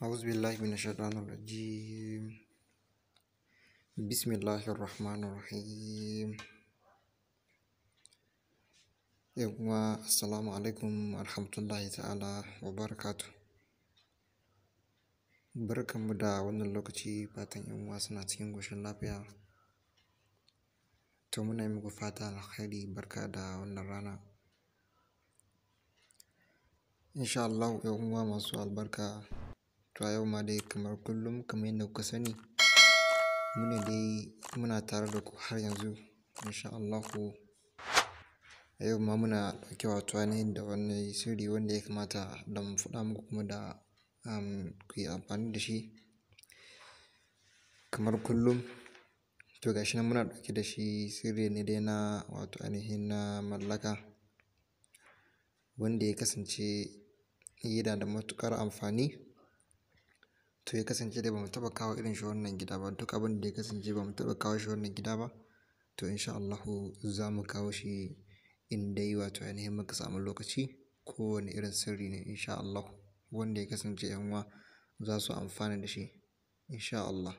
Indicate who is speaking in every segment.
Speaker 1: أعوذ بالله من الشيطان الرجيم بسم الله الرحمن الرحيم يوما السلام عليكم ورحمة الله تعالى وبركاته barkanmu da wannan lokaci fatan yan uwa suna cikin goshin lafiya to muna yi muku fata alkhairi barka da wannan rana insha Allah yan uwa masu albarka To a yau ma dai kamar kullum kamar yadda kuka sani mu dai muna tare da ku har yanzu insha Allahu. A yau ma muna ɗauke wato ainihin da wani sirri wanda ya kamata da mu faɗa muku kuma da um, ku yi amfani da shi kamar kullum. To ga nan muna ɗauke da shi sirri ne dai na wato ainihin na mallaka wanda ya kasance yana da matukar amfani to ya kasance dai ba mu taɓa kawo irin shi wannan gida ba duk abin da ya kasance ba mu taɓa kawo shi wannan gida ba to insha Allahu za mu kawo shi in dai wato ainihin muka samu lokaci kowane irin sirri ne insha Allah wanda ya kasance 'yanwa uwa za su amfana da shi insha Allah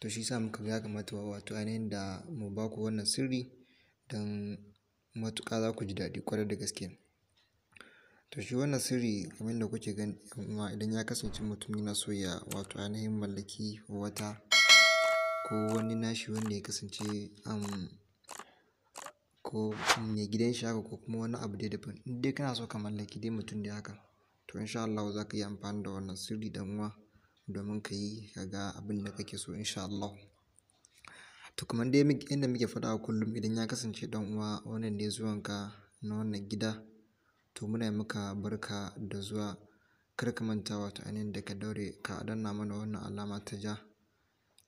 Speaker 1: to shi sa muka ga kamata kamata wato ainihin da mu ba ku wannan sirri don matuƙa za ku ji daɗi kwarai da gaske To shi wannan sirri kamar yadda kuke gani ƴan idan ya kasance mutum yana so ya wato ainihin mallaki wata ko wani nashi wanda ya kasance um ko mai gidan shi haka ko kuma wani abu dai daban dai kana so ka mallaki dai mutum da haka to insha Allahu za ka yi amfani da wannan sirri da uwa domin ka yi ka ga abin da kake so insha Allahu. To kamar dai yadda muke faɗa kullum idan ya kasance ɗan uwa wannan ne zuwanka na wannan gida to muna maka barka da zuwa kar ka manta wato ainihin da ka daure ka danna mana wannan alama ta ja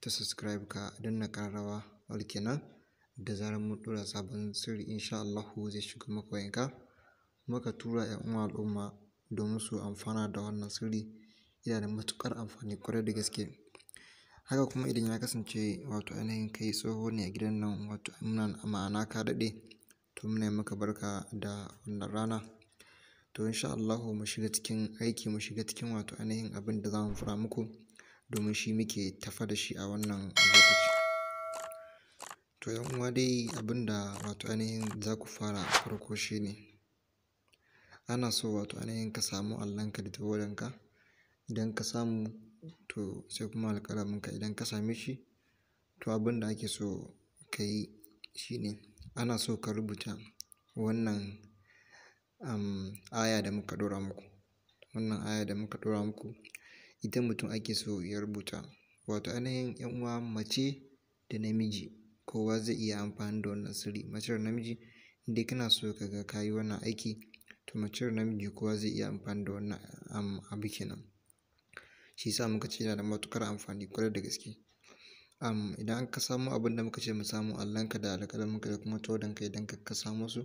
Speaker 1: ta subscribe ka danna ƙararrawa walke nan da zarar mun dora sabon sirri insha Allahu zai shiga maka wayanka muka tura ƴan uwa al'umma domin su amfana da wannan sirri yana da matukar amfani kwarai da gaske haka kuma idan ya kasance wato ainihin kai tsoho ne a gidan nan wato ma'ana ka daɗe to muna muka barka da wannan rana To in sha Allahu mu shiga cikin aiki, mu shiga cikin wato ainihin abin da za mu muku domin shi muke tafa da shi a wannan lokaci. To yan uwa dai abin da wato ainihin za ku fara farko shi ne, ana so wato ainihin ka samu allonka da tawadanka, idan ka samu to sai kuma alƙalaminka idan ka same shi to abin da ake so ka yi shi ne ana so ka rubuta wannan um, aya da muka ɗora muku wannan aya da muka ɗora muku ita mutum ake so ya rubuta wato ainihin yan uwa mace da namiji kowa zai iya amfani da wannan sirri mace namiji inda kana so ka ga ka yi wannan aiki to mace da namiji kowa zai iya amfani da wannan um, abu kenan shi yasa muka ce yana da matukar amfani kwarai da gaske um, idan ka samu abin da muka ce mu samu allonka da alƙalaminka da kuma ka idan ka samo su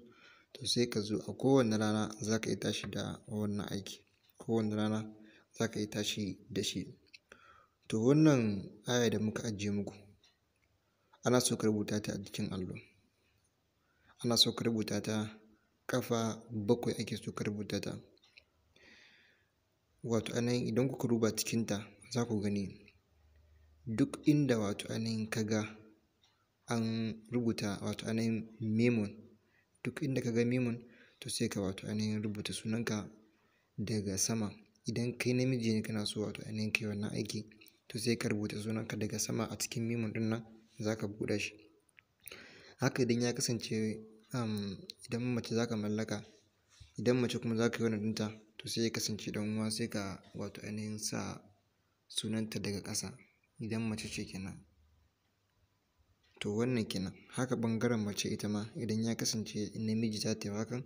Speaker 1: to sai ka zo a kowane rana za ka iya tashi da wannan aiki kowane rana za ka iya tashi da shi to wannan aya da muka ajiye muku ana so ka rubuta ta a jikin allo ana so ka rubuta ta ƙafa bakwai ake so ka rubuta ta wato anayin idan kuka ruba cikinta za ku gani duk inda wato anayin ka an rubuta wato anayin memon duk inda ka ga mimun to sai ka wato ainihin rubuta sunanka daga sama idan kai namiji ne kana so wato ainihin kai wannan aiki to sai ka rubuta sunanka daga sama a cikin mimun din nan za ka buɗe shi haka idan ya kasance idan mace za ka mallaka idan mace kuma za ka yi wani ɗinta to sai ya kasance dan uwa sai ka wato ainihin sa sunanta daga ƙasa idan mace ce kenan To wannan kenan. Haka ɓangaren mace ita ma idan ya kasance namiji za ta yi hakan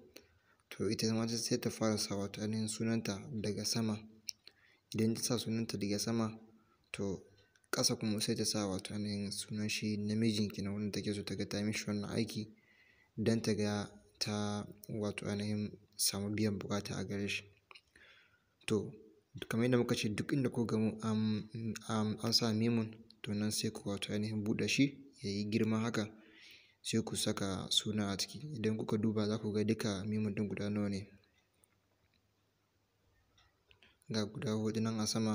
Speaker 1: to ita ma sai ta fara sa wato ainihin sunanta daga sama. Idan ta sa sunanta daga sama to ƙasa kuma sai ta sa wato ainihin sunan shi namijin kenan wanda take so ta ga ta yi mishi wannan aiki don ta ga ta wato ainihin samu biyan bukata a gare shi. To kamar yadda muka ce duk inda kuka ga an sa mimun to nan sai ku wato ainihin buɗe shi yayi girma haka sai ku saka suna a ciki idan kuka duba za ku ga duka memun ɗin guda nawa ne ga guda huɗu nan a sama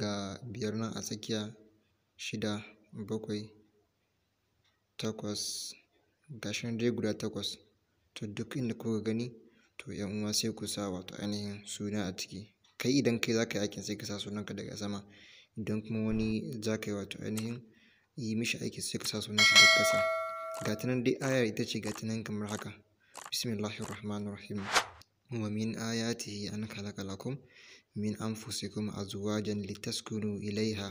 Speaker 1: ga biyar nan a tsakiya shida bakwai takwas ga nan dai guda takwas to duk inda kuka gani to yan uwa sai ku sa wato ainihin suna a ciki kai idan kai za ka yi aikin sai ka sa sunanka daga sama idan kuma wani za ka yi wato ainihin yi mishi aiki sai ka sa sunan shi duk ƙasa ga ta nan dai ayar ita ce ga ta nan kamar haka bismillahir rahmanir rahim wa min ayatihi an khalaqa lakum min anfusikum azwajan litaskunu ilaiha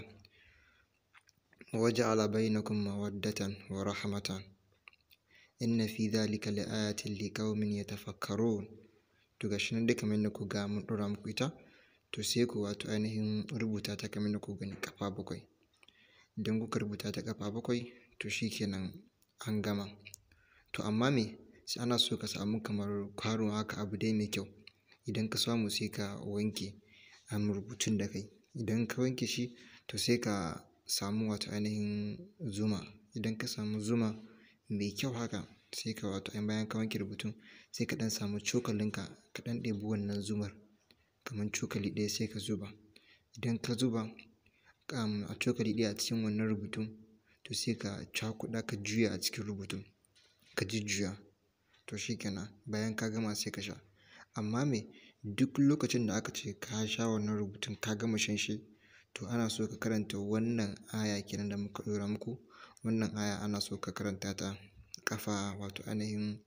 Speaker 1: wa ja'ala bainakum mawaddatan wa rahmatan inna fi dhalika laayatin liqaumin yatafakkarun to gashi nan duka min ku ga mun dora muku ita to sai ku wato ainihin rubuta ta kamar yadda ku gani kafa bakwai idan kuka rubuta ta ƙafa bakwai to shi kenan an gama to amma me sai ana so ka samu kamar kwaro haka abu dai mai kyau idan ka samu sai ka wanke um, rubutun da kai idan ka wanke shi to sai ka samu wato ainihin zuma idan ka samu zuma mai kyau haka sai ka wato ainihin bayan ka wanke rubutun sai ka ɗan samu cokalinka ka ɗan ɗebi wannan zumar kamar cokali ɗaya sai ka zuba idan ka zuba a cokali ɗaya a cikin wannan rubutun to sai ka cakuda ka juya a cikin rubutun ka jujjuya to shi kenan bayan ka gama sai ka sha amma mai duk lokacin da aka ce ka sha wannan rubutun ka gama shan shi to ana so ka karanta wannan aya kenan da muka ɗora muku wannan aya ana so ka karanta ta kafa wato ainihin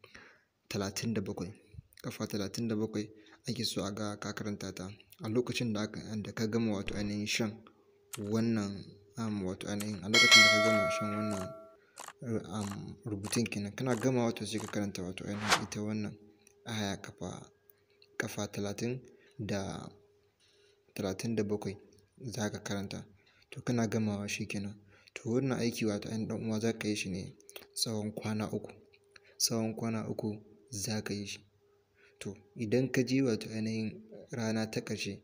Speaker 1: talatin da bakwai kafa talatin da bakwai ake so a ga ka karanta ta a lokacin da aka da ka gama wato ainihin shan wannan um, wato ainihin a lokacin da ka gama shan wannan um, rubutun kenan kana gama wato sai ka karanta wato ainihin ita wannan aya kafa kafa talatin da talatin da bakwai za ka karanta to kana gamawa shi kenan to wannan aiki wato ainihin dan uwa za ka yi shi ne tsawon kwana uku tsawon kwana uku za ka yi shi to idan ka je wato ainihin rana ta ƙarshe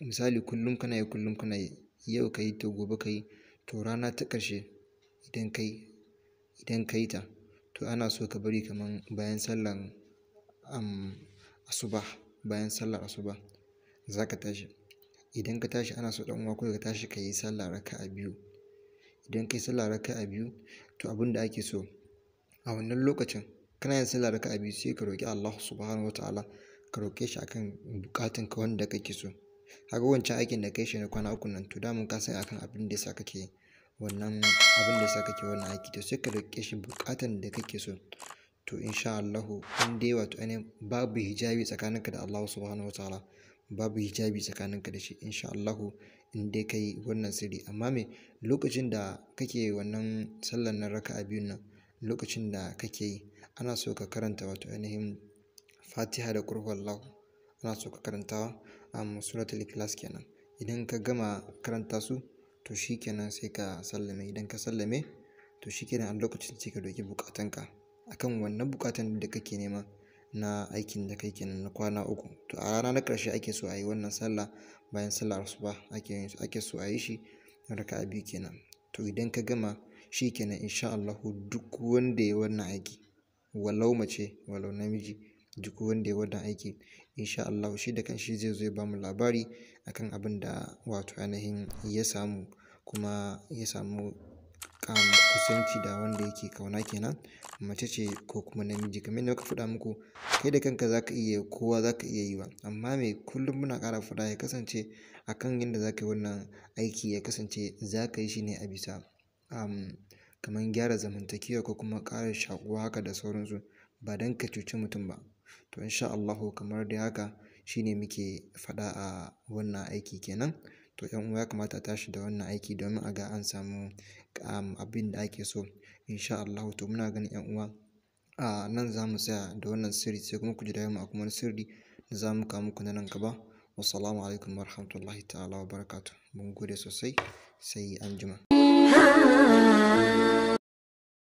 Speaker 1: misali kullum kana yi kullum kana yi yau ka yi to gobe ka yi to rana ta ƙarshe idan ka yi idan ka yi ta to ana so ka bari kaman bayan sallan asuba bayan sallar asuba za ka tashi idan ka tashi ana so ɗan uwa kawai ka tashi ka yi raka a biyu idan ka yi raka a biyu to abin da ake so a wannan lokacin kana yin raka a biyu sai ka roƙi Allah subhanahu wa ta'ala ka roƙe shi akan ka wanda kake so kaga wancan aikin da kai shi na kwana uku nan to mun ka sai akan abin da yasa kake wannan abin da yasa kake wannan aiki to sai ka roƙe shi bukatan da kake so to insha Allahu in dai wato ainihin babu hijabi tsakaninka da Allah subhanahu wataala babu hijabi tsakaninka da shi insha Allahu in dai kai wannan sirri amma me lokacin da kake wannan sallar nan raka'a biyun nan lokacin da kake yi ana so ka karanta wato ainihin Fatiha da Qur'an Allah ana so ka karanta suratul ikhlas kenan idan ka gama karanta su to shikenan sai ka sallame idan ka sallame to shikenan a lokacin sai ka doki bukatanka akan wannan bukatan da kake nema na aikin da kai kenan na kwana uku to a rana na karshe ake so a yi wannan sallah bayan sallar asuba ake ake so a yi shi raka'a biyu kenan to idan ka gama shi kenan insha Allah duk wanda ya wannan aiki walau mace walau namiji duk wanda ya wannan aiki insha Allah shi da kanshi zai zo ya bamu labari akan abin da wato ainihin ya samu kuma ya samu kusanci da wanda yake kauna kenan mace ce ko kuma namiji kamar yadda muka faɗa muku kai da kanka zaka iya kowa zaka iya yi wa amma me kullum muna kara faɗa ya kasance akan yadda zaka yi wannan aiki ya kasance zaka yi shi ne a bisa um, kamar gyara zamantakewa ko kuma ƙara shakuwa haka da sauransu ba don ka cuci mutum ba To insha Allahu kamar dai haka shine muke faɗa a wannan aiki kenan. To 'yan uwa ya kamata a tashi da wannan aiki domin a ga an samu abin da ake so insha Allahu. To muna ganin 'yan uwa a nan za mu tsaya da wannan sirri sai kuma ku ji mu a kuma wani sirri da za mu kawo muku na nan gaba. Wassalamu alaikum warahmatullahi ta'ala wa barakatu Mun gode sosai sai anjima.